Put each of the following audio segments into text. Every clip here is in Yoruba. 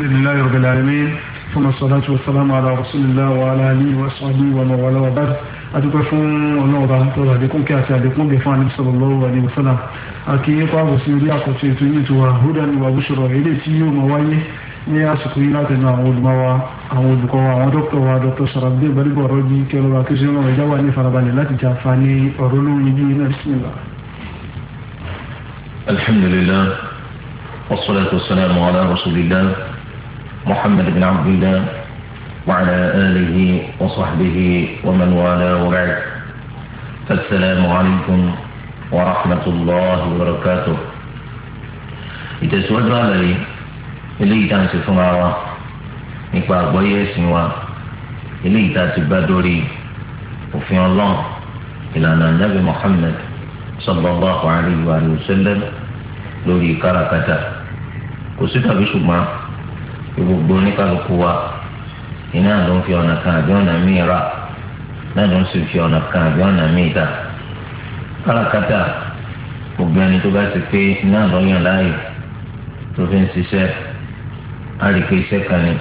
الحمد لله رب العالمين ثم الصلاة والسلام على رسول الله وعلى آله وصحبه ومن والاه وبعد adúpẹ́ fún ọlọ́run bá tó rà dékún kí àti àdékún gbé fún àníbi sọ̀rọ̀ lọ́wọ́ àdéhùn sọ́nà àti pààbò sí orí àkọ́tún ètò yìí tó wà húdà ní wàhùn sọ̀rọ̀ èdè tí yóò máa wáyé ní àsìkò yìí látẹnu àwọn olùmọ̀wá àwọn olùkọ́ wa àwọn dókítà wa dókítà sàràbídé gbadébọ̀ ọ̀rọ̀ bíi kí ọlọ́wà kí sọ́nà ìjà wà ní farabalẹ̀ láti jà fa ní ọ̀rọ̀ lóhun ibi iná bisimilá. alhamdulilah wasalaatu wasalaamu ala rasulillah. محمد بن عبد الله وعلى آله وصحبه ومن والاه بعد فالسلام عليكم ورحمة الله وبركاته إذا سؤال لي إلي تانسي فمارا نقبع بوية سنوا إلي تانسي بادوري وفي الله إلى أن النبي محمد صلى الله عليه وآله وسلم لوري كاركتا وسيطة بشبه gbogbo oníkàlùkù wa iná ló ń fi ọ̀nà kan àbí ọ̀nà míì rà náà ló ń sì fi ọ̀nà kan àbí ọ̀nà míì dà káràkátà gbogbo ẹni tó bá ti pé iná ló yàn láàyò tó fi ń ṣiṣẹ́ á rí i pé iṣẹ́ kan ni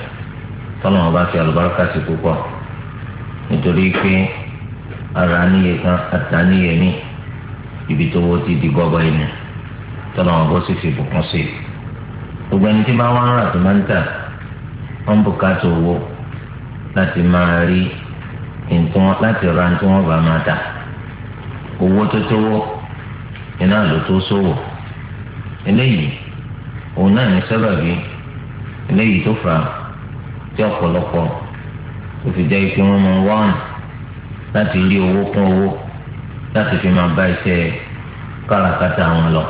tọ́lọ́ wọn bá fi àlùbáríkà sí púpọ̀ nítorí pé ara níye kan àtàníye ní ibi tó wọ́n ti di gọ́bọ̀ inú tọ́lọ́ wọn bó sì fi bùkún sí i gbogbo ẹni tí bá wọn rà tó máa ń tà wọ́n ń bùkátà owó láti máa rí nǹkan láti ra tí wọ́n bá máa tà owó tó tówó iná ló tó sówò eléyìí òun náà ní sábàbí eléyìí tó fà á tí ọ̀pọ̀lọpọ̀ tó fi jẹ́ pé wọ́n máa wá láti rí owó kún owó láti fi máa bá iṣẹ́ káràkátà wọn lọ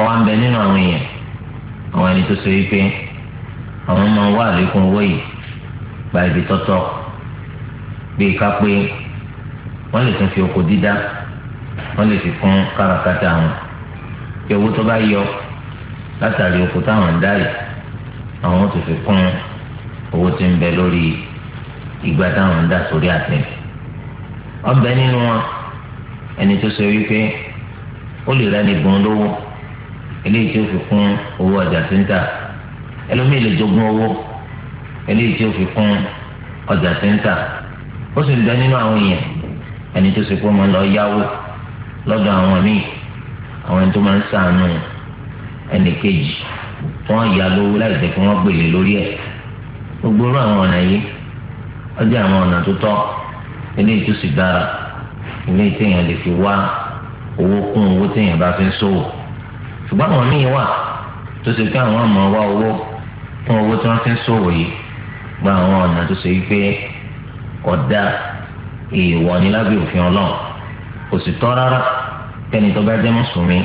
ọ̀wá ń bẹ nínú àwọn èèyàn àwọn ẹni tó ṣe wípé àwọn máa wá àlékún owó yìí gba ibi tọ́tọ́ bíi ká pé wọ́n lè tún fi oko dídá wọ́n lè fi kún káràkátà wọn kí owó tó bá yọ látàrí oko táwọn ń dá yìí àwọn tó fi kún owó tí ń bẹ lórí ìgbà táwọn ń dá sórí àtẹ ọbẹ nínú wọn ẹni tó ṣe wípé ó lè rẹni gbọn lówó eléyìí tó fi kún owó ọjà tó ń tà. ẹlòmíì lè jogún owó eléyìí tí ó fi kún ọjà tí o si ó sì ń bẹ nínú àwọn èèyàn ẹni tó ṣe pé máa lọ yáwó lọ́dọ̀ àwọn míì àwọn ẹni tó máa ń sàánú ẹnì kejì tí wọ́n yá lówó láì kí gbèlè lórí gbogbo irú àwọn ọ̀nà yìí ó àwọn ọ̀nà tó tọ́ eléyìí tó sì dára eléyìí fi wá owó kún owó téèyàn bá fi ń ṣùgbọ́n àwọn míì wà tó ṣe pé àwọn àmọ́ fún owó tí wọ́n fẹ́ ṣòwò yìí gba àwọn ọ̀nà tó ṣe wípé ọ̀dà èèwọ̀ ni lábẹ́ òfin ọlọ́run kò sì tọ́ rárá kẹ́ni tó bá jẹ́ mùsùlùmí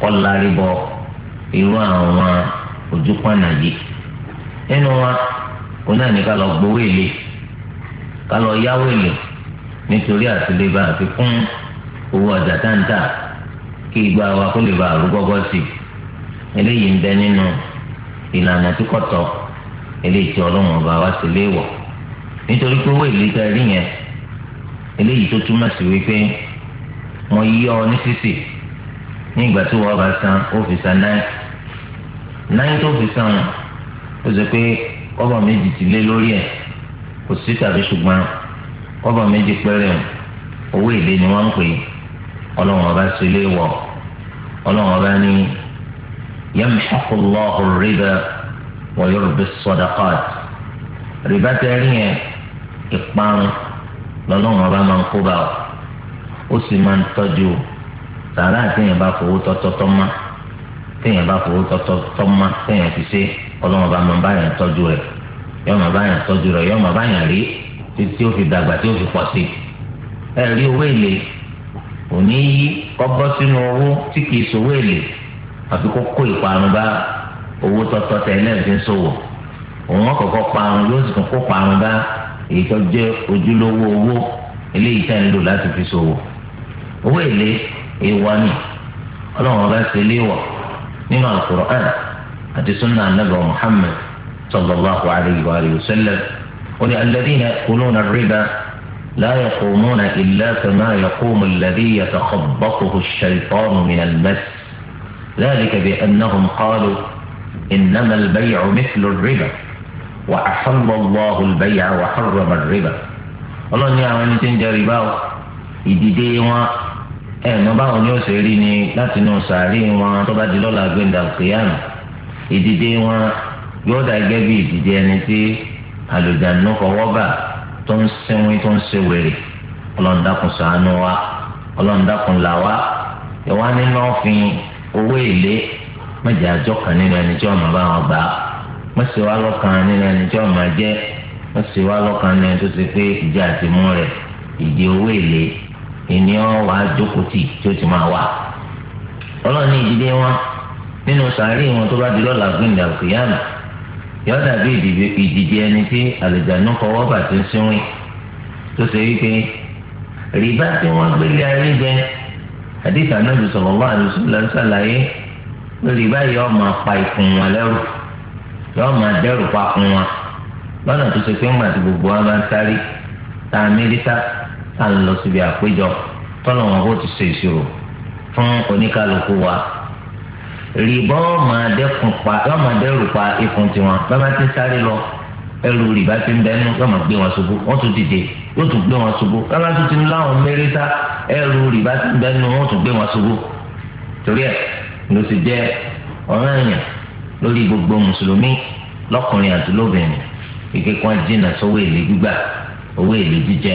kọ́ lárí bọ irú àwọn ojúpọ̀nà yìí nínú wa kò náà ní ká lọ gbowó èlé ká lọ yáwó èlé nítorí àtìlébà àti fún owó ọjà táǹtà kí ìgbà wa kó lè bá àrùgọ́gọ́ sí i eléyìí ń bẹ nínú. No ìlànà tí kò tọ́ eléyìí tí ọlọ́run ọba wa sì léèwọ̀ nítorí pé owó ìlú tẹ rí yẹn eléyìí tó túmọ̀ sí wípé wọ́n yí ọ ní sísì ní ìgbà tí wọ́n bá san ó fi náírà náírà tó fi san ó sọ pé méjì ti lé lórí kò sí tàbí ṣùgbọ́n méjì owó ni wọ́n ń pè ọlọ́run ọba sì yamhaqu الله ar-riba الصدقات yurbi as إقبال rìbá tẹ́rí yẹn ìparun lọ́lọ́run ọba máa ń kó bá ọ ó sì máa ń tọ́jú sàrà àtẹ̀yìn bá fowó tọ́tọ́tọ́ má tẹ̀yìn bá fowó tọ́tọ́tọ́ má tẹ̀yìn fi ṣe ọlọ́run ọba máa bá yẹn tọ́jú rẹ̀ yọ́n máa tọ́jú rẹ̀ yọ́n máa rí títí ó fi dàgbà tí ó fi pọ̀ sí ẹ rí owó èlé òní yí kọ́ sínú owó tí kìí sòwò èlé àfi kó kó ìparun bá owó tọ́tọ́ tẹ ẹ̀ fi ṣòwò òun ọ̀kọ̀ọ̀kọ̀ parun yóò sì tún kó parun bá èyí tó jẹ́ ojúlówó owó eléyìí tẹ̀ ń lò láti fi ṣòwò owó èlé èèwọ̀ ni ọlọ́run ọba ṣe léèwọ̀ nínú Al-Qur'an àti sunna anabi muhammed sallallahu alayhi wa alayhi wa sallam ó ní alladhina yakuluna ar-riba لا يقومون إلا كما يقوم الذي يتخبطه الشيطان من المس ذلك بأنهم قالوا إنما البيع مثل الربا وأحل الله البيع وحرم الربا الله ni àwọn ẹni tí ń jẹ rìbá o ìdìde wọn ẹ̀ẹ́mọ báwọn ni ó ṣe rí ni láti inú sàárì wọn tó bá di lọ́la gbẹ̀ndà kìíyàmù ìdìde wọn yóò dà gẹ́gẹ́ bí ìdìde ẹni tí àlùjánu fọwọ́ bà tó ń sẹ́wìn tó ń ṣe wèrè ọlọ́run dákun ṣàánú wa ọlọ́run dákun là wa ìwà nínú ọ̀fìn owó èlé mẹjẹ àjọ kan nínú ẹni tí wọn bá wọn gbà á mẹsì wá lọ́kàn nínú ẹni tí wọn máa jẹ mẹsì wá lọ́kàn nínú ẹni tó ti pé ìjà àtìmú rẹ ìdí owó èlé ìní ọ wà jókòó tì tí ó ti máa wà ọlọ́ọ̀ni ìdílé wọn nínú sàárì wọn tó bá di lọ́la gbìndà òkèèyàn yóò dàbí ìdìdì ẹni tí àlùjánu fọwọ́ bàtí ń sínwìn tó ṣe wípé rìbá tí wọ́n gbélé ayé jẹ hadith anabi sallallahu alaihi wasallam ṣàlàyé lórí báyìí yóò máa pa ikùn wọn lẹ́rù yóò máa dẹ́rù pa kùn wọn lọ́nà tó ṣe pé ńgbà tí gbogbo wa bá ń sáré ta amẹ́ríkà ta ń lọ síbi àpéjọ tọ́nà wọn kó ti ṣe ìṣirò fún oníkálukú wa rìbá yóò máa dẹ́rù pa ikùn tiwọn bá bá ti sáré lọ ẹrù rìbá ti ń bẹ́nu yóò máa gbé wọn ṣubú wọ́n tún dìde yóò tún gbé wọn ṣubú bàbá tó ti ń láwọn mẹ́rẹ́ta ẹrù rìbá ti bẹ́ẹ̀ nu wọn tún gbé wọn ṣubú torí ẹ̀ ló sì jẹ́ ọ̀ràn èèyàn lórí gbogbo mùsùlùmí lọ́kùnrin àti lóbìnrin kíkẹ́ kan jìnnà sówó èlé gbígbà owó èlé jíjẹ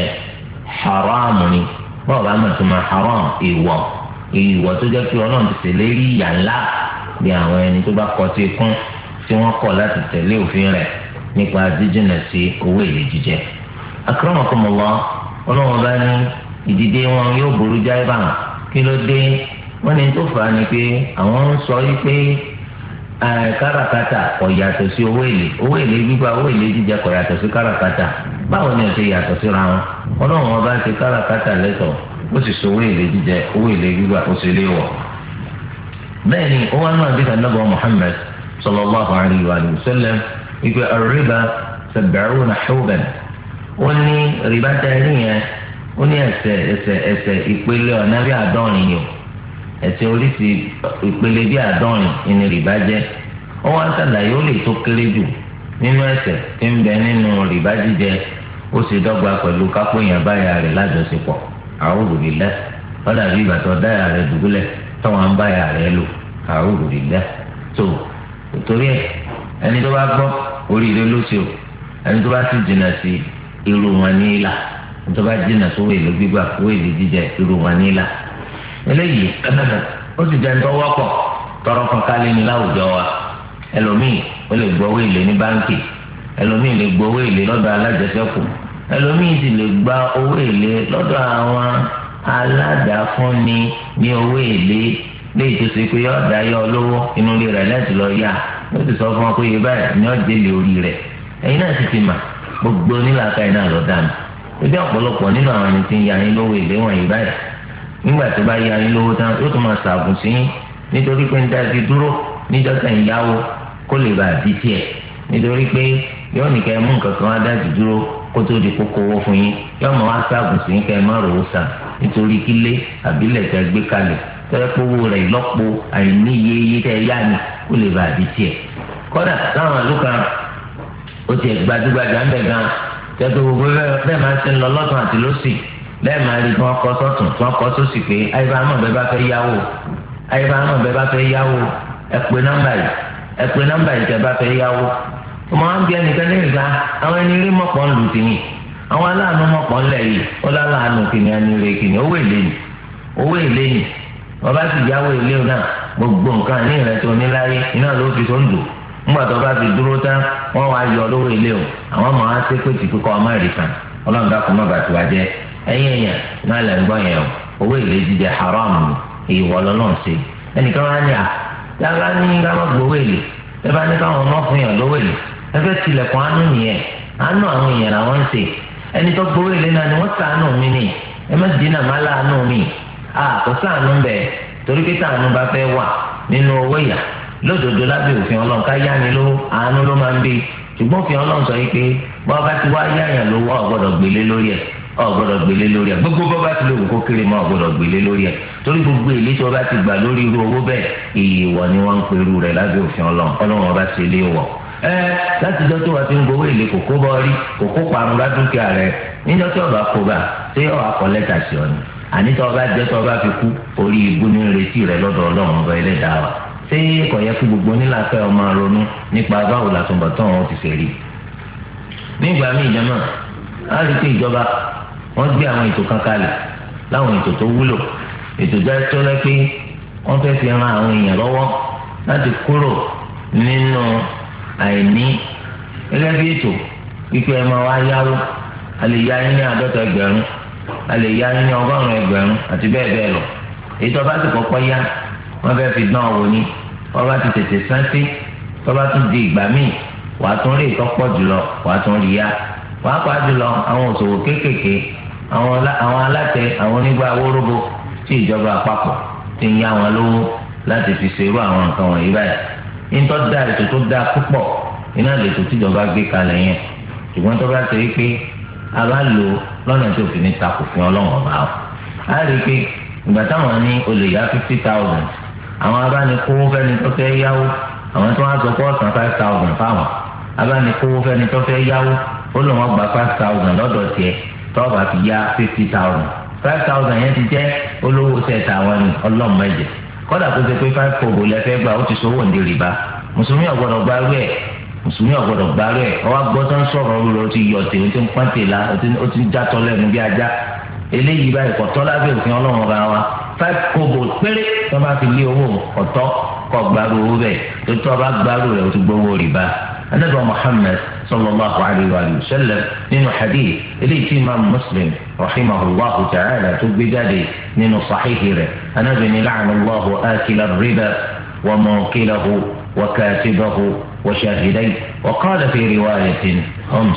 haramu ni wọn bá mọ̀ tó máa haram ìwọ̀ ìwọ̀ tó jẹ́ pé ọlọ́run ti tẹ̀lé rí ìyà ńlá bí àwọn ẹni tó bá kọ́ sí ikún tí wọ́n kọ̀ láti tẹ̀lé òfin rẹ̀ nípa jíjìnà sí owó èlé jíjẹ. akramakumullah ọlọ́wọ́n bá ní ìdìde wọn yóò burú jáì bá kí ló dé wọ́n ní tó fà á ni pé àwọn ń sọ yí pé káràkátà kò yàtọ̀ sí owó èlé owó èlé gbígbà owó èlé jíjẹ kò yàtọ̀ sí káràkátà báwo ni ọ̀sẹ̀ yàtọ̀ síra wọn ọlọ́run ọba ṣe káràkátà lẹ́tọ̀ ó sì so owó èlé jíjẹ owó èlé gbígbà ó sì lé bẹ́ẹ̀ ni ó ní rìbá tẹ ẹ ó ní ẹsẹ̀ ẹsẹ̀ ẹsẹ̀ ìpele ọ̀nà bí àádọ́rin yìí ẹsẹ̀ oríṣi ìpele bí àádọ́rin ìní rìbá ó wá ó lè tó kéré jù nínú ẹsẹ̀ tí ń bẹ nínú rìbá ó sì dọ́gba pẹ̀lú kápó yẹn báyà lájọṣepọ̀ àwòrán ọ̀dà bí ìbàtọ̀ dáyà táwọn irú wọn ní ìlà tó bá jìnnà tó wèlé gbígbà tó wèlé jíjẹ irú wọn ní ìlà eléyìí ó sì jẹ́ ń tọ́wọ́ pọ̀ tọrọ kankan o ní láwùjọ wa ẹlòmíì ó lè gbowó èlé ní báńkì ẹlòmíì lè gbowó èlé lọ́dọ̀ alájẹsẹ́kù ẹlòmíì sì lè gba owó èlé lọdọ àwọn aládàáfúnni ní owó léyìí tó ṣe pé ọ̀dà yọ inú rẹ̀ lọ yá ó sọ fún ọ pé ni ọ̀jẹ̀ lè orí rẹ̀ ẹ̀yin náà sì gbogbo onílàkà iná lọ dànù ebi ọ̀pọ̀lọpọ̀ nínú àwọn ẹni tí ń ya yín lówó èlé wọ̀nyí báyìí nígbà tó bá ya yín lówó tán yóò tún máa ṣàgùn sí yín nítorí pé ń dá ti dúró níjọ́tà ìyáwó kó lè bàa di tiẹ̀ nítorí pé yóò ní kẹ́ mú nǹkan kan á dúró kó tó di kókó owó fún yín yóò máa wá ṣàgùn sí yín kẹ́ má rò ó sàn nítorí kílé àbílẹ̀ tẹ́ gbé kalẹ̀ tẹ́ kówó rẹ̀ lọ́pọ̀ àìníyeyé ó ti gbajúgbajà ń bẹ̀ gan tẹ́tù gbogbo bẹ́ẹ̀ máa ń sin lọ lọ́tún àti lọ́sì bẹ́ẹ̀ máa rí tí wọ́n sọ́tún tí wọ́n kọ́ sósì pé ayébáhámọ̀ bẹ́ẹ̀ bá fẹ́ yáwó ayébáhámọ̀ bẹ́ẹ̀ bá fẹ́ yáwó ẹ nọ́mbà yìí nọ́mbà yìí tẹ́ bá fẹ́ yáwó ọmọ wa ń bí àwọn ẹni rí mọ̀pọ̀ ń lù àwọn aláàánú mọ̀pọ̀ ń yìí ó wọ́n wá yọ lówó ilé o àwọn ọmọ wa ṣe pé tìkú kọ ọmọ ìrìkan ọlọ́run dákun má bàtú n'ala jẹ ẹ̀yìn ẹ̀yàn náà lẹ̀ ń yẹn o owó èlé jíjẹ haram ni ìwọ lọ́lọ́run ṣe ẹnìkan wá ní à yàrá ní káwọn gbowó èlé ẹ bá ní káwọn ọmọ fún yàn lówó èlé nìyẹn àwọn èèyàn ṣe ẹni tó gbowó èlé náà ni mi ni ẹ má láàánú mi à kò sàánú torí lódodo lábẹ́ òfin ọlọ́run ká yáni ló àánú ló máa ń bí ṣùgbọ́n òfin ọlọ́run sọ pé bọ́ bá ti wá yáyàn lówó ọ̀gbọ́dọ̀ gbélé lórí ẹ̀ ọ̀gbọ́dọ̀ gbélé lórí ẹ̀ gbogbo bọ́ bá ti lówó kó kéré mọ́ ọ̀gbọ́dọ̀ gbélé lórí ẹ̀ torí gbogbo èlé tí wọ́n bá ti gbà lórí irú owó bẹ́ẹ̀ ìyèwọ̀ ni wọ́n ń perú rẹ̀ lábẹ́ òfin ọlọ́run ọlọ́run ọba ṣe lé wọ̀ ẹ láti ṣé kò yẹ kí gbogbo nílàfẹ́ ọmọ ronú nípa báwo làtúbọ̀tán wọn ti ṣe rí nígbà míì jẹ́mọ̀ ìjọba wọ́n gbé àwọn ètò kan láwọn ètò tó wúlò ètò tó lẹ́ pé wọ́n fẹ́ àwọn èèyàn lọ́wọ́ láti kúrò nínú àìní ètò pípẹ́ máa wá a lè yá ní àádọ́ta ẹgbẹ̀rún a lè yá ní ọgọ́rùn-ún ẹgbẹ̀rún àti bẹ́ẹ̀ bẹ́ẹ̀ lọ ètò ọba wọ́n fẹ́ fi dán wò ni wọ́n bá ti tètè sáńtì wọ́n bá tún di ìgbà míì wàá tún rí ìtọ́pọ̀ jùlọ wàá tún rí ya wàá pa jùlọ àwọn òṣòwò kéékèèké àwọn alátẹ àwọn onígbà wóróbo tí ìjọba àpapọ̀ ti ń yá wọn lówó láti fi ṣerú àwọn nǹkan wọ̀nyí báyìí nítọ́ da ètò tó da púpọ̀ iná lètò tíjọba gbé kalẹ̀ yẹn ṣùgbọ́n tó bá ṣe é pé a bá lò lọ́nà tó fi ní takò fún ọlọ́run ọ̀bá ọ̀ á rí i pé ìgbà táwọn ní olè yá fifty thousand kówó fẹ́ni tó fẹ́ yáwó àwọn tó wá sọ pé ọ̀sán five thousand fáwọn abáni kówó fẹ́ni tó fẹ́ yáwó ó lò wọ́n gba five thousand lọ́dọ̀ tiẹ̀ tọ́ọ̀bù àti yá fifty thousand five thousand yẹn ti jẹ́ olówó sẹ́ẹ̀tì àwọn ni ọlọ́run mẹ́jẹ kọ́dà tó ṣe pé five five kobo péré tó bá fi lé owó ọ̀tọ́ kọ́ gbaru owó bẹ́ẹ̀ tó tó bá gbaru rẹ̀ o ti gbowó rìbá anabi muhammed sallallahu alayhi wa sallam nínú hadith eléyìí tí imaamu muslim rahimahullah ta'ala tó gbé jáde nínú sahihi rẹ̀ anabi ni la'anallahu akila riba wa mukilahu wa katibahu wa shahidayhi wa qala fi riwayatin hum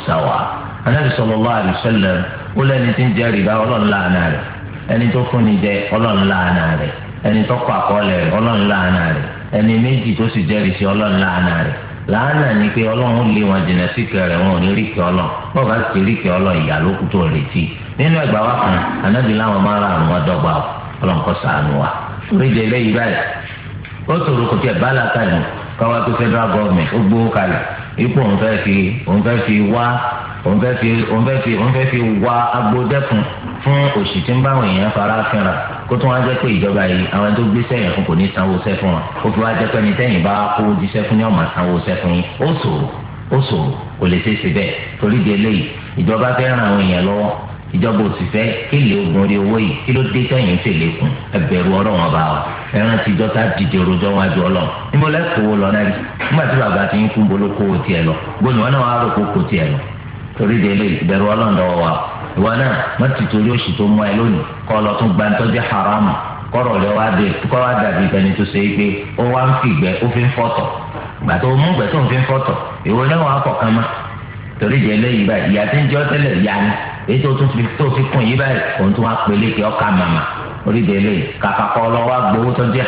anabi sallallahu alayhi wa sallam ó lẹ́ni tí ń jẹ́ rìbá ọlọ́run lánàá rẹ̀. ẹni tó fún ni jẹ ọlọ́run láàánà rẹ̀ ẹni tó kọ àkọọ́lẹ̀ rẹ̀ ọlọ́run láàánà rẹ ẹni méjì tó sì jẹ́rìí sí ọlọ́run láàánà rẹ láàánà ni pé ọlọ́run lé wọn jìnnà sí kẹrẹ̀ wọn ò ní ríkẹ́ ọlọ́run bọ́ọ̀ bá ti ọlọ́run ìyá ló kú tó retí nínú wa kan láwọn máa ra àwọn ọdọgba ọlọ́run wa oríṣi eléyìí báyìí ó kò bá káwá tó federal government ó òun fẹ́ fi òun fẹ́ fi òun fẹ́ fi wá agbódẹ́kun fún òṣì tí ń bá àwọn èèyàn fara fínra kó tún wá jẹ́ pé ìjọba yìí àwọn tó gbé sẹ́yìn fún kò ní sanwó sẹ́ fún wọn ó fi wá jẹ́ pé ní sẹ́yìn bá kó jíṣẹ́ fún ní ọ̀mà sanwó sẹ́ fún yín ó ṣòro ó ṣòro kò lè ṣeé ṣe bẹ́ẹ̀ torí di eléyìí ìjọba fẹ́ ran àwọn èèyàn lọ́wọ́ ìjọba ò sì fẹ́ kí lè ogun orí owó yìí kí ló dé sẹ́yìn ṣe lè kún ẹgbẹ̀rún ọlọ́run ọba wa ẹran ti jọta dìde rojọ́ wọn ju ọlọ́run níbo lẹ́kọ̀ọ́ lọ náà rí nígbà tí bàbá ti ń kú bolókòó tiẹ̀ lọ gbóni wọn náà wá rò kó kó tiẹ̀ lọ torí de lè bẹ̀rù ọlọ́ọ̀dọ́ wa ìwọ náà má ti torí oṣù tó mú ẹ lónìí kọ́ lọ tún gbantọ́jẹ́ haramu kọ́rọ̀ rẹ wá dé kọ́ wá dàbí ìtẹni tó ṣe é pé ó wá ń fìgbẹ́ ó fi ń fọ́tọ̀ gbàtọ́ ó mú gbẹ́ tó ń fi ń fọ́tọ̀ ìwọ náà wà á kọ̀ kan mọ́ torí de lè yìí báyìí ìyá tí ń jẹ́ tẹ́lẹ̀ ìyá ni èyí tó tún fi kún yìí báyìí òun tún wá pélé kí ọkà màmá orí de lè kàkà kọ́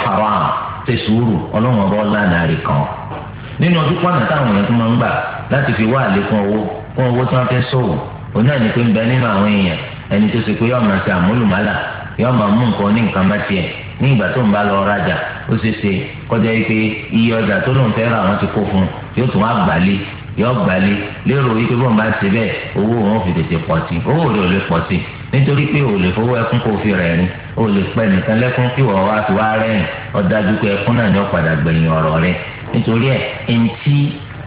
haram ṣe sùúrù ọlọ́run ọba ọ̀lànà rẹ̀ kàn nínú ọdún pọ́nà táwọn èèyàn tó máa fún owó tí wọ́n fẹ́ ṣòwò òun náà ní pé ń bẹ nínú àwọn èèyàn ẹni tó ṣe pé yọọ máa ṣe àmúlùmálà yọọ máa mú nǹkan ní nǹkan bá tiẹ̀ ní ìgbà tó ń bá lọ rajà ó ṣe ṣe kọjá yìí pé iye ọjà tó lóun fẹ́ ra àwọn ti kó fún un yóò tún wá gbálé yọọ gbálé lérò yìí pé bọ́n bá ṣe bẹ́ẹ̀ owó wọn fi tètè pọ̀ sí owó rẹ̀ ò lè pọ̀ sí nítorí pé o lè fowó ẹkún kó fi rẹ̀ rìn o lè pẹ́ nìkan lẹ́kún kí wọ́n wá fi wá rẹ́rìn ọ̀dájú pé ẹkún náà ní ọ̀padà gbẹ̀yìn ọ̀rọ̀ rẹ̀ nítorí ẹ̀ ẹ̀ǹtí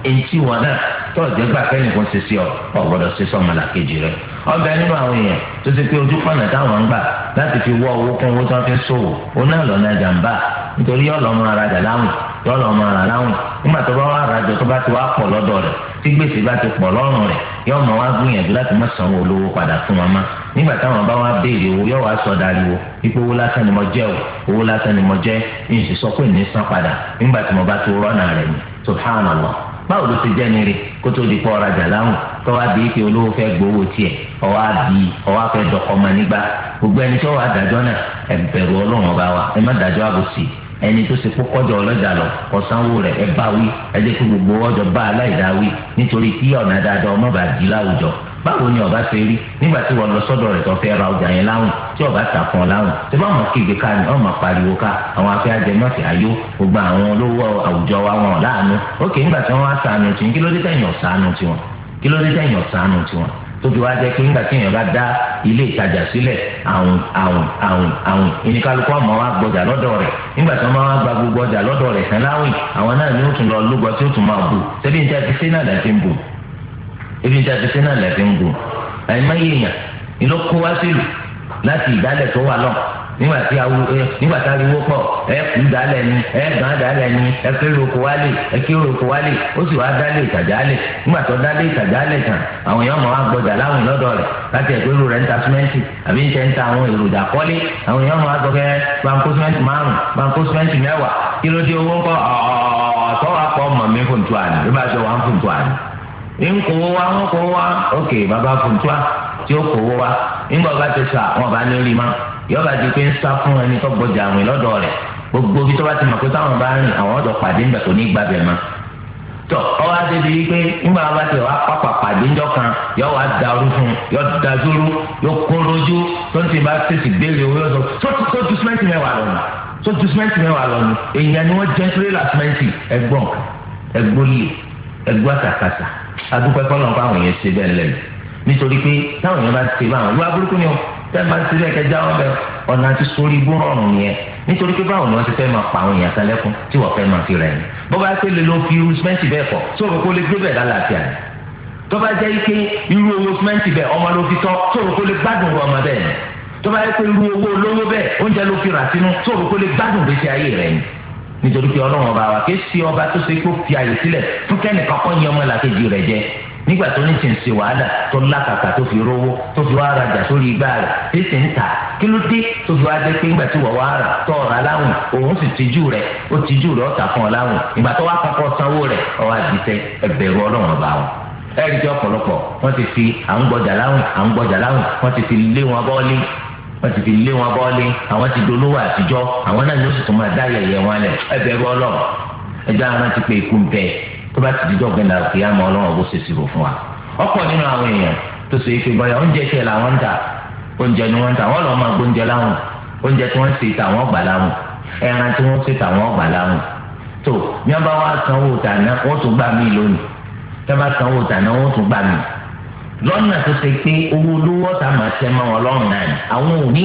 ẹ̀ǹtí wọn náà tọ́ọ̀jẹ́ gbà kẹ́nìkan ṣe sí ọ ọ̀gbọ́dọ̀ ṣe sọ́mọlá kejì rẹ ọbẹ̀ nínú àwọn èèyàn tó ti pé ojú pọ̀nà táwọn ń gbà láti fi wọ́ owó kún owó tí wọ́n fi ṣòwò oná lọ́nà jàǹbá nítorí ọlọ́mọ arajà láwìn yọlọ́mọ ara láwìn nígbà tó bá wà arajà tó bá ti wá pọ̀ lọ́dọ̀ rẹ̀ tí gbèsè bá ti pọ̀ lọ́rùn rẹ̀ yóò mọ̀ wá gbìyànjú láti má sanwó olówó padà fún wọn mọ́ nígbà táwọn bá wá béèrè owó yóò wá sọ dariwo ipò owó lásán ni mo jẹ́ o owó lásán ni mo jẹ́ ìṣèṣọ́pẹ́ ní san padà nígbà tí mo bá ti rọ́nà rẹ̀ ni subhanallah báwo ló ti jẹ́ ni rè kó tó di pọ́ ọ̀rajà láwùn tó wá bíi pé olówó fẹ́ gbowó tiẹ̀ ọwọ́ àbí ọwọ́ afẹ́ dọ̀kọ́ ma nígbà gbogbo ẹni tó wà dájọ́ náà ẹ bẹ̀rù ọlọ́run ọba wa ẹ má dájọ́ àbòsí ẹni tó ṣe kó kọjọ ọlọ́jà lọ ọ̀sánwó rẹ̀ ẹ bá wí ẹ jẹ́ kó gbogbo ọjọ́ bá aláìdáwí nítorí kí ọ̀nà dáadáa ọmọ bàjí láwùjọ báwo ni ọba ṣe rí nígbà tí wọn lọ sọ́dọ̀ tó ra ọjà yẹn tí ọba ta fún ọ láwìn tí wọn mọ kéde ká ni wọn mọ pariwo ká àwọn afẹ ajẹmọ́sẹ̀ ayó gbogbo àwọn olówó àwùjọ wa wọn láàánú ókè nígbà tí wọn wá sànù tí kí ló dé tiwọn kí ló dé tẹ̀yìn tiwọn tóbi wá jẹ́ pé nígbà tí èèyàn bá dá ilé ìtajà àwọn àwọn àwọn àwọn wa gbọjà nígbà tí máa gba gbogbo ọjà àwọn lọ ibi tí a ti fẹ́ náà lẹ́fẹ̀ẹ́ ń gùn àyìnbá yéèyàn ìlú kó wá sílùú láti ìdálẹ̀ tó wà lọ nígbà tí awo ẹ eh, nígbà tí ariwo pọ̀ ẹ kú dálẹ̀ ni ẹ gàn dálẹ̀ ni ẹ kéré oko wálé ẹ kéré oko wálé ó sì wá dálé ìtajà lẹ̀ nígbà tó dálé ìtajà lẹ̀ tán àwọn èèyàn máa wá gbọjà láwìn lọ́dọ̀ rẹ̀ láti ẹgbẹ́ rẹ̀ ń ta símẹ́ǹtì àbí ń tẹ́ ń ta àwọn èròjà kọ́lé àwọn èèyàn máa gbọ́ eh, kẹ́ banko símẹ́ǹtì márùn banko símẹ́ǹtì mẹ́wàá kí ló dé owó ńkọ́ ọ̀ọ́ tọ́wọ́ akọ mọ̀ ń kówó wa ń kówó wa ok bàbá fùtúà tí ó kówó wa ńgbà bá ti sà wọn bá ní rí ma yọba ti pé ń sá fún ẹni tó gbọjà àwìn lọ́dọ̀ rẹ̀ gbogbo bí tó bá ti mọ̀ pé táwọn bá rìn àwọn ọ̀dọ̀ pàdé ńbẹ̀ kò ní gbàbẹ̀ mọ́ tọ ọwọ adébí yìí pé ńgbà wọn bá ti wá pápá pàdé ńjọ kan yóò wá dàrú fún yóò dàdúró yóò kóròjú tó ń ti bá tètè béèrè owó yóò sọ tó tu sìmẹ́ǹtì mẹ́wàá lọ́nà tó tu sìmẹ́ǹtì mẹ́wàá lọ́nà èèyàn ni wọ́n jẹ́ tírélà sìmẹ́ǹtì ẹ̀gbọ́n ẹ̀gbọ́n lè ẹ̀gbọ́n àtàkàtà adúpẹ́ kọ́ lọ́nà fáwọn èèyàn ṣe bẹ́ẹ̀ lẹ́nu nítorí pé táwọn èèyàn bá ti ṣe báwọn ìlú abúrúkú ni ó tẹ́ bá ti ṣe bẹ́ẹ̀ kẹjá wọn bẹ ọ̀nà àti sórí igbó rọrùn nìyẹn nítorí pé báwọn ni wọ́n ti fẹ́ máa pa àwọn èèyàn kan lẹ́kún tí wọ́n fẹ́ máa fi rẹ̀ ni bó bá pé lè lọ fi irú sìmẹ́ǹtì bẹ́ẹ̀ kọ̀ sóòrò kó lè gbé bẹ́ẹ̀ lálàáfíà ni tó bá jẹ́ ike irú owó sìmẹ́ǹtì bẹ́ẹ̀ ọmọ ló fi tọ́ sóòrò kó lè gbádùn ọmọ bẹ́ẹ̀ ni tó bá yẹ pé irú owó olówó bẹ́ẹ̀ oúnjẹ ló fi rà sínú sóòrò kó lè gbádùn gbèsè ayé rẹ̀ ni nítorí pé ọlọ́run ọba wa ké sí ọba tó ṣe kó fi àyè sílẹ̀ fún kẹ́nìkan kọ́ yan ọmọ làkejì rẹ̀ jẹ nígbà tó ní tìǹsì wàhálà tó lákàkà tó fi rówó tó fi wá rajà sórí igbá rẹ̀ tètè ń tà kí ló dé tó fi wá dé pé nígbà tí wọ́n wá rà tó ọ̀rọ̀ aláwìn òun sì tijú rẹ̀ ó tijú rẹ̀ ọ̀tà fún ọ̀láwìn ìgbà tó wá kọ́kọ́ sanwó rẹ̀ ọ̀wá àdìsẹ́ ẹ̀bẹ̀rù ọlọ́run ọba wọn ẹ̀rí tí ọ̀pọ̀lọpọ̀ wọ́n ti fi à ń gbọ́jà láwìn à ń gbọ́jà láwìn wọ́n ti fi lé wọn bọ́ọ̀lì wọ́n ti fi lé wọn bọ́lé àwọn ti dolówó àtijọ́ àwọn náà ni ó sì tún máa dá yẹ̀yẹ̀ wọn lẹ̀ ẹ bẹ̀rù ọlọ́run ẹjọ́ àwọn ti pé ikú bẹ́ẹ̀ tó bá ti dijọ́ gbẹ̀dà òkè àmọ́ ọlọ́run ó sì ṣòro fún wa. ọ̀pọ̀ nínú àwọn èèyàn tó ṣe é pé bọ́yá oúnjẹ tiẹ̀ làwọn ń tà oúnjẹ ni wọ́n ń tà wọ́n lọ́ọ́ máa gbóúnjẹ láwọn oúnjẹ tí wọ́n ṣe tà wọ́n gbà láwọn ẹran tí wọ́n ṣe tà wọ́n gbà láwọn. tó yánbá wa sanwó tàná wọ́n tún gbà mí lónìí yánbá sanwó tàná wọ́n tún gbà mí lọ́nà tó ṣe pé owó olówó ọ̀tá máa tẹ́ mọ́ wọn náà àwọn ò ní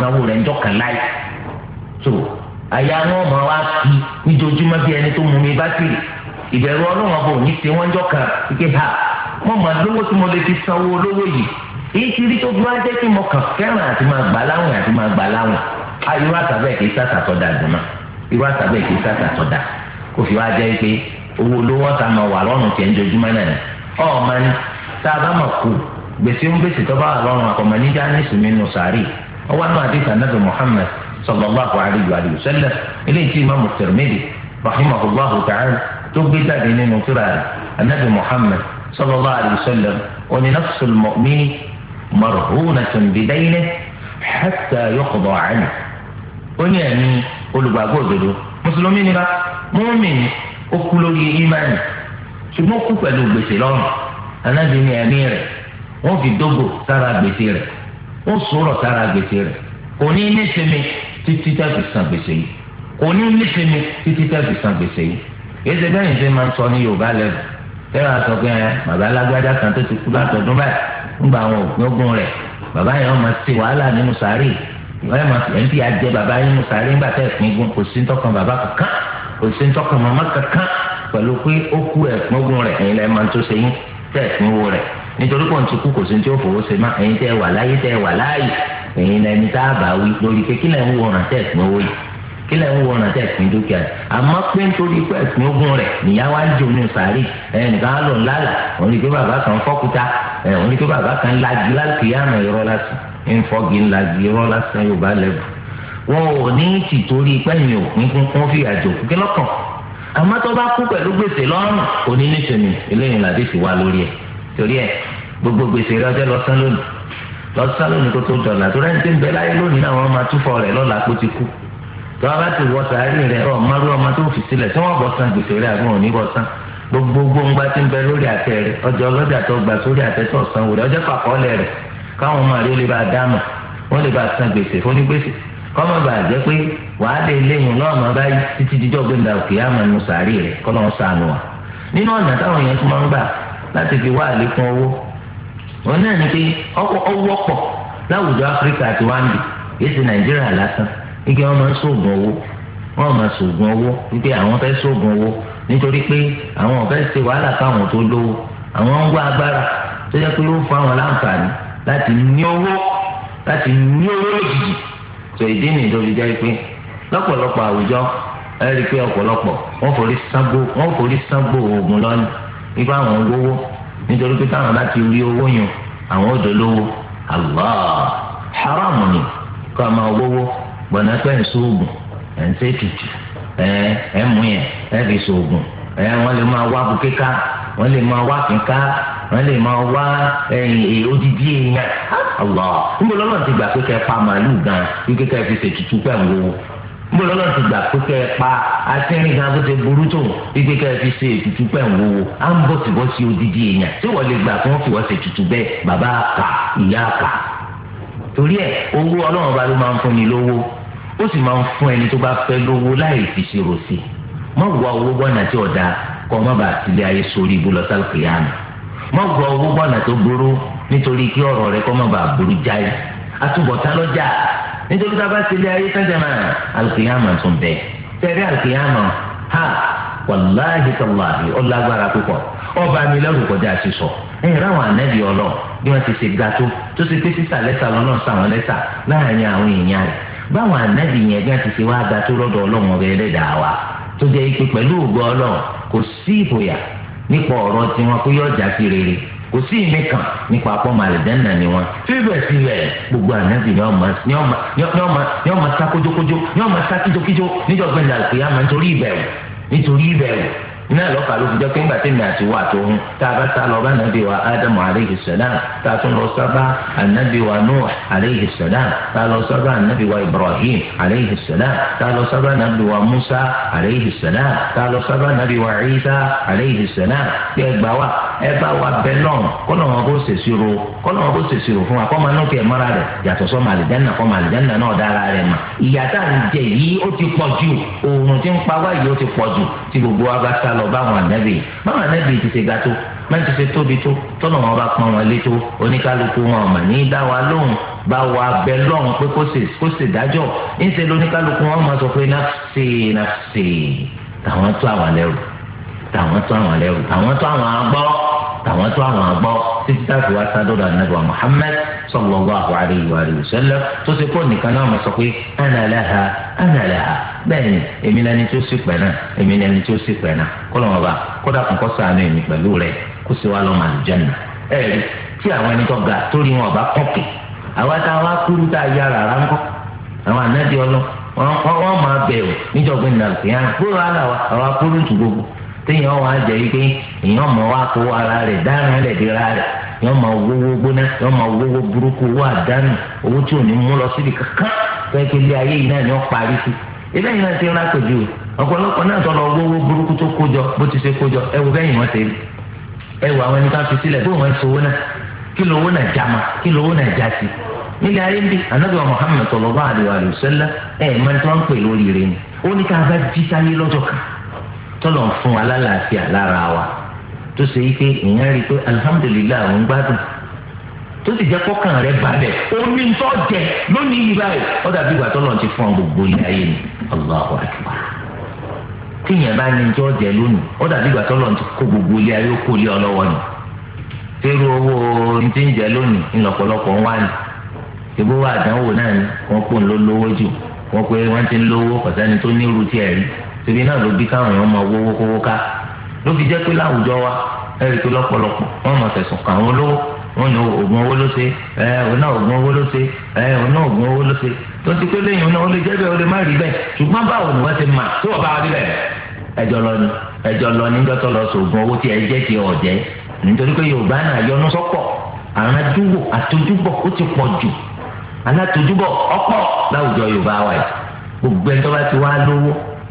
sanwó rẹ̀ ńjọ́ kan láì so àyà wọn mọ̀ wá kí níjojúmọ́ bí ẹni tó mú mi bá tìrì ìbẹ̀rù ọlọ́run ọba ò ní wọ́n ike ha wọ́n mọ̀ lówó tí mo lè fi sanwó yìí èyí ti rí tó jẹ́ kí mo kàn fẹ́ràn àti máa gbà láwìn àti máa gbà láwìn irú àtàbẹ̀ kì í sàtàtọ̀dà irú àtàbẹ̀ kì owó tá a bá mọ̀ kú gbèsè ń gbèsè tó bá wà lọ́rùn àkọ́mọ níjà ní sùnmí nù sàárì ọwọ́ náà àti sànàbì Muhammad sallallahu alayhi wa sallam eléyìí tí imaamu Tirmidhi rahimahullahu ta'ala tó gbé jáde nínú tura rẹ̀ anabi Muhammad sallallahu alayhi wa sallam oní nafsul mu'mini marhunatun bidaynihi hatta yuqda anhu ó ní olùgbàgbọ́ òdodo mùsùlùmí ni bá mọ́mí ó kú ṣùgbọ́n kú pẹ̀lú gbèsè lọ́rùn anábì ní ẹ̀mí rẹ̀ wọ́n fi dógò sára gbèsè rẹ̀ wọ́n sọ̀rọ̀ sára gbèsè rẹ̀ kò ní nísinmi títí tá fi san gbèsè yìí kò ní nísinmi títí tá fi san gbèsè yìí èsì bẹ́ẹ̀ ṣe máa ń sọ ní yorùbá lẹ́nu tẹ́wọ́n sọ pé ẹ bàbá alágbádá kan tó ti kú látọ̀dún báyìí ń gba àwọn òpin ogun rẹ̀ bàbá yẹn wọ́n máa ṣe wàhálà nínú sàárè wọ́n máa ẹ̀ ń fi bàbá yẹn nínú sàárè ńgbà tẹ́ ẹ̀pin ogun kò sí ń bàbá kankan kò sí ń tọkàn kankan pẹ̀lú pé ó kú ẹ̀pin ogun rẹ̀ ẹ̀yin lẹ́ẹ̀ máa tó ṣe yín tẹ̀sí wo rẹ̀ nítorí pọ̀ ntí kú kò sí ní tí ó fowó ṣe má ẹ̀yin tẹ́ wà láyé tẹ́ wà láàyè ẹ̀yin lẹni tá a bá wí lórí pé kí lẹ́ ń wo ọ̀ràn tẹ̀sí owó yìí kí lẹ́ ń wo ọ̀ràn tẹ̀sí dúkìá yìí àmọ́ pé nítorí pé ẹ̀sìn ogun rẹ̀ nìyá wá jò ní sàárì ẹ̀yìn kan á lò ńlálà òun ní pé bàbá kan fọ́kúta òun ní pé bàbá kan lagi láti àmọ́ tó bá kú pẹ̀lú gbèsè lọ́rùn kò ní níṣẹ́ni eléyìí làdí ti wá lórí ẹ̀ torí ẹ̀ gbogbo gbèsè rẹ ọjọ́ lọ́sán lónìí lọ́sán lónìí kó tó dọ̀là tó rẹ́ni tí ń bẹ láyé lónìí náà wọ́n máa túfọ̀ rẹ̀ lọ́la kó ti kú tó bá ti wọ sàárì rẹ̀ ọ̀ márú ọmọ tó fi sílẹ̀ tí wọ́n bọ̀ san gbèsè rẹ̀ àbí wọn ò ní bọ̀ san gbogbo gbóngbá tí ń bẹ lórí àtẹ rẹ̀ ọjọ́ ọlọ́dà tó gbà sórí àtẹ tó sanwó rẹ̀ ọjọ́ pàkọ́lẹ̀ rẹ̀ káwọn ọmọ rẹ̀ lè bá dáàmà wọ́n lè bá san gbèsè fónígbèsè kọ́mọ bàa jẹ́ pé wàá lè léyìn náà máa bá títí díjọ́ gbẹ̀ndà òkè àmọ́ nù sàárì rẹ̀ kọ́nà sànù wa nínú ọ̀nà táwọn èèyàn tún máa ń gbà láti fi wá àlékún owó wọn náà ní pé ọwọ́ pọ̀ láwùjọ áfíríkà àti wáńdì èsì nàìjíríà lásán owó wọn máa sóògùn owó wípé àwọn fẹ́ sóògùn owó nítorí pé àwọn ò fẹ́ ṣe wàhálà káwọn tó lówó àwọn ń agbára pé fún tó ìdí nìyí tó fi jẹ́ pé lọ́pọ̀lọpọ̀ àwùjọ ẹ rí i pé ọ̀pọ̀lọpọ̀ wọ́n forí ságbó wọ́n forí ságbó oògùn lọ́nà nípa àwọn owó nítorí pé táwọn yun àwọn Allah haram ni kọ́ máa wówó gbọ̀nà pẹ́ ń sóògùn ẹ̀ ń sètìtì ẹ̀ ẹ̀ mú yẹn ẹ̀ fi sóògùn ẹ̀ wọ́n lè máa wá odidi èèyàn. ọlọ níbo lọ́nà ti gbà pé kẹ́ pa màálù gan ike kẹ́ fi ṣètùtù pẹ̀ ń wo níbo lọ́nà ti gbà pé kẹ́ pa atẹ́rìn gan bó ṣe burú tó ike kẹ́ fi ṣe ètùtù pẹ̀ ń wo à ń bọ̀ síbọ̀ sí odidi èèyàn tí wọ́n lè gbà kí wọ́n fi wọ́n ṣètùtù bẹ́ẹ̀ bàbá àkà ìyá àkà torí ẹ̀ owó ọlọ́run bá ló máa ń fún ni lówó ó sì máa ń fún ẹni tó bá fẹ́ lówó láì fi ṣèrò sí mọ̀ wá owó gbọ́nà tí ọ̀dà kọ́ ọ má bàa tilẹ̀ ayé sórí ibú lọ sálùkìyàmù mọ̀ wá owó gbọ́nà tó burú nítorí kí ọ̀rọ̀ rẹ kọ́ mọ́ bàa burú jáì àtúbọ̀tá lọ́jà nítorí tá a bá ti lé ayé tẹ́jà máa alùkìyàmà tún bẹ́ẹ̀ tẹ̀rí alùkìyàmà ha wàláhi tàláhi ọ̀làgbára púpọ̀ ọba mi lẹ́rù kọjá ti sọ ẹ̀yìn ráwọn ànẹ́bí ọlọ bí wọ́n ti ṣe ga tó tó ṣe pé sísà lẹ́sà lọ́nà sàwọn lẹ́sà láàrin àwọn èèyàn rẹ̀ báwọn ànẹ́bí yẹn bí wọ́n ti ṣe wá ga tó lọ́dọ̀ ọlọ́run ọbẹ̀ ẹlẹ́dàá wa tó jẹ́ ike pẹ̀lú ògbọ́ ọlọ́run kò sí ìfòyà nípa ọ̀rọ̀ tiwọn pé yọjà sí rere kò sí ilé kan nípa àpọ̀ màlìdánà ni wọn síbẹ̀síbẹ̀ gbogbo ànábì ni ọmọ ni ọmọ ni ọmọ sá kójókójó ni ọmọ sá kíjókíjó níjọba ìdàlùkì yá máa nítorí ìbẹ̀rù nítorí ìbẹ̀rù iná lọ́kà ló fi jẹ́ pé ńgbà tẹ̀mí àti wà tó hun tá a bá sá lọ bá nàbí wa ádámù aleyhi sàlám tá a tún lọ sábà ànábì wa nuh aleyhi sàlám tá a lọ sábà ànábì wa ibrahim aleyhi sàlám tá a lọ sábà ànábì wa musa aleyhi sàlám tá a lọ sábà ànábì wa isa aleyhi sàlám bí ẹgbàá wa ẹ bá wa bẹ náà kọ́nà wọn kó ṣèṣirò kọ́nà wọn kó ṣèṣirò fún wa kọ́ máa nókè mọ́ra rẹ̀ yàtọ̀ sọ́ màlìjánà kọ́ màlìjánà náà dára rẹ̀ mà ìyá tá yìí ó ti pọ̀ jù oòrùn tí ń pa wá ó ti pọ̀ jù tí gbogbo wa bá sá lọ báwọn ànábì báwọn ànábì ti ṣe ga tó mẹ́tì ṣe tóbi tó tọ́nà wọn bá pọn wọn lé tó oníkálukú wọn mà ní dá wa lóhùn bá wa bẹ lọ́hùn pé kó ṣe dájọ́ ńṣe lóníkálukú wọn máa sọ pé nafsi nafsi tàwọn tó àwọn lẹ́rù tàwọn tó àwọn lẹ́rù tàwọn tó àwọn agbọ́ àwọn tó àwọn àgbọ́ títí táàbù wa sádọ́dọ̀ anábọ̀ Muhammad sallallahu alayhi wa sallam tó ṣe kó nìkan náà mo sọ pé ana laha ana laha bẹ́ẹ̀ ni èmi lẹni tó sì pẹ̀ náà èmi lẹni tó sì pẹ̀ náà kó lọ́wọ́ bá kódà kún kó sàánú èmi pẹ̀lú rẹ̀ kó sì wá lọ́mọ àlùjánnà ẹ̀rí tí àwọn ẹni tó ga tó wọn ọba kọ́kì àwa tá a wá kúrú tá a yára ara ńkọ́ àwọn ànádi ọlọ́ wọn máa bẹ̀rù téèyàn wà jẹ́ wípé èèyàn mọ̀ wá kó ara rẹ̀ dáná rẹ̀ dira rẹ̀ ọ máa wówó gbóná yọ́n máa wówó burúkú owó àdánù owó tí ò ní mú lọ síbi kankan fẹ́ẹ́ kí ilé ayé yìí náà ni wọ́n parí sí ilé yìí náà ti rán àpèjú ọ̀pọ̀lọpọ̀ náà sọ̀rọ̀ wówó burúkú tó bó ti ṣe ẹ wo wọn ẹ wo àwọn fi bó wọn owó náà kí náà já ma tọ́lọ̀ ń fún alálàáfíà lára wa tó ṣe yí pé èèyàn rí i pé alihamudulilayi àwọn ń gbádùn tó sì jẹ́ kọ́kàn rẹ̀ balẹ̀ omi ń tọ́ jẹ lónìí yìí báyìí ó dàbí ìgbà tọ́lọ̀ ti fún gbogbo ilé ayé ni Allahu akbar tíyẹn bá ní jọ́ jẹ lónìí ó dàbí ìgbà tọ́lọ̀ ti kó gbogbo ilé ayé kó lé ọlọ́wọ́ ni fẹ́rù owó ti ń jẹ lónìí ńlọ́pọ̀lọpọ̀ ń wá ní ìbówó àdánwò náà ni wọ́n pò ń lówó jù wọ́n pé wọ́n ti ń lówó kọ̀sẹ́ni tó ní irú tiẹ̀ rí torí náà ló bí káwọn èèyàn máa wówó kówó ká ló fi jẹ́ pé láwùjọ wa ẹ̀rí pé lọ́pọ̀lọpọ̀ wọ́n máa fẹ̀sùn kàn wọ́n lówó wọ́n ní oògùn owó ló ṣe ẹ ọ̀nà oògùn owó ló ṣe ẹ ọ̀nà oògùn owó ló ṣe tó ti pé lẹ́yìn ọ̀nà ó lè jẹ́ bẹ́ẹ̀ ó lè má rí bẹ́ẹ̀ ṣùgbọ́n báwo ni wọ́n ti mà tó ọba wa bíbẹ̀ ẹjọ́ lọ ni ẹjọ́ lọ ní dọ́tọ̀ lọ sóògùn owó tí ẹ jẹ́ ti ọ̀jẹ́ nítorí pé Yorùbá náà yọnu sọ́pọ̀ àwọn adúgbò ó ti pọ̀ jù alátọjúbọ̀ ọ̀pọ̀ láwùjọ Yorùbá wa yìí gbogbo ẹni tó bá ti wá lówó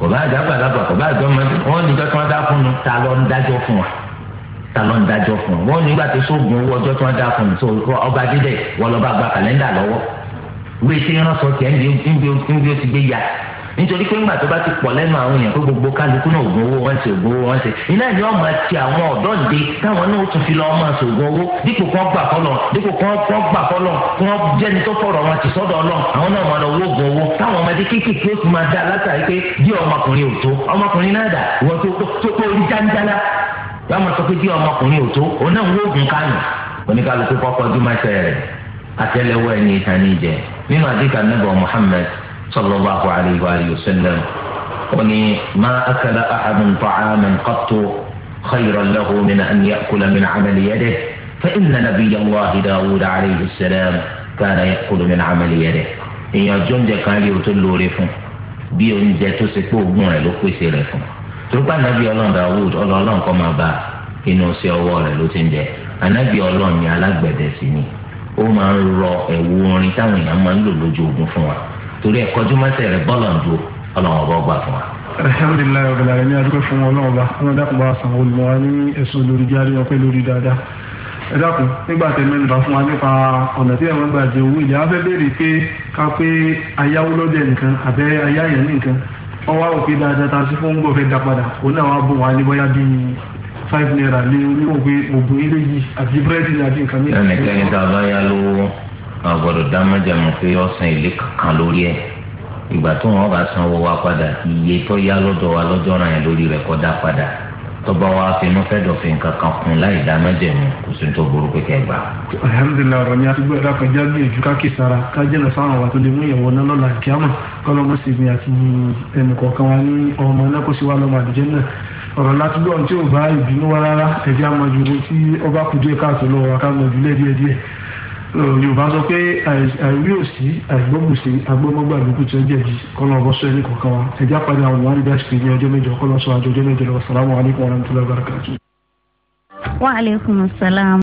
kò bá àgbàlagbà kò bá àjọmọdé wọn níjọ tí wọn dá fún un ta ló ń dájọ́ fún wa ta ló ń dájọ́ fún un wọn nígbà tí sóògùn owó ọjọ́ tí wọn dá fún un so ọba dídẹ wọn lọ bá gba kàlẹ́ndà lọ́wọ́ wíṣẹ́ ìrànṣọ́ tiẹ̀ ń bí ó ti gbé ya nítorí pé ńgbà tó bá ti pọ̀ lẹ́nu àwọn èèyàn pé gbogbo kálukú náà ògùn owó wọn ṣe ògùn owó wọn ṣe iná ni wọn máa ti àwọn ọ̀dọ́ ìdè táwọn náà tún fi lọ́ọ́ máa ṣe ògùn owó dípò kán gbà kọ́lọ̀ dípò kán gbà kọ́lọ̀ kí wọ́n jẹ́ni tó fọ̀rọ̀ wọn ti sọ́dọ̀ ọlọ́run àwọn náà máa lọ owó ògùn owó táwọn ọmọdé kéékèèké ó ti máa dá látàrí pé bí ọmọkùnrin ò tó ọmọkùnrin náà dà wọ́n tó Muhammad صلى الله عليه وآله وسلم وني ما أكل أحد طعاما قط خيرا له من أن يأكل من عمل يده فإن نبي الله داود عليه السلام كان يأكل من عمل يده èèyàn jọ oúnjẹ kan rí o tó lóore fún bí oúnjẹ tó ṣe pé oògùn rẹ ló pèsè rẹ fún turupa anabi Ọlọ́run Dawud Ọlọ́run kọ máa bá inú sí ọwọ́ rẹ ló ti ń jẹ anabi Ọlọ́run ni alágbẹ̀dẹ sí ni ó máa ń rọ ẹ̀wù orin táwọn èèyàn máa ń lò lójú ogun fún wa torí ẹ̀ kọjú mọ́sẹ̀ rẹ̀ bọ́ọ̀lù ọ̀dọ́ ọlọ́wọ́n fún wa. alhamdulilayi wa bilala ni adúgbò fún wọn lọ́wọ́ bá san olùmọ̀ wa ní ẹ̀sùn lórí jáde wọn pé lórí dáadáa ẹ nígbà tẹ bá fún wa nípa ọ̀nà tí gbà jẹ owó ilé béèrè pé ká pé ayáwó lọ́dẹ nìkan àbẹ́ nìkan ọwọ́ òfin dáadáa dá padà five naira lé a àwọn gbọ́dọ̀ dá májàmú pé ọsàn èlé kankan lórí ẹ ìgbà tó wọn bá sanwó wa padà iye tó yá lọ́dọ̀ wa lọ́jọ́ ràn yẹn lórí rẹ kọdá padà tọba wa finú fẹ́ dọ̀fin kankan kun láì dá májẹ̀mú kò sí tó burú pé kẹgbà. alhamdulilayi a ti gbọ́ ẹ̀rọ kọjá bí èjú ká kìsara ká jẹ́ lọ́sàn àwọn àti olè mú ìyàwó náà lọ́la kíámà kọ́lọ́ mọ́ sí àti wa ní ọmọ kó lọ́mọ yorùbá sọ pé àìrí òsì àìgbọ́mùsì agbọ́mọ́gbà lókù tí ó jẹ̀bi kọ́lọ́ ọgọ́sọ ẹni kọ̀ọ̀kan wa ẹ̀já padà àwọn àrídàsíkì ní ọjọ́ mẹ́jọ kọ́lọ́ sọ àjọ ọjọ́ mẹ́jọ lọ́wọ́ sàlámù alaykum wa rahmatulahi wa barakatuh. wa aleykum salaam.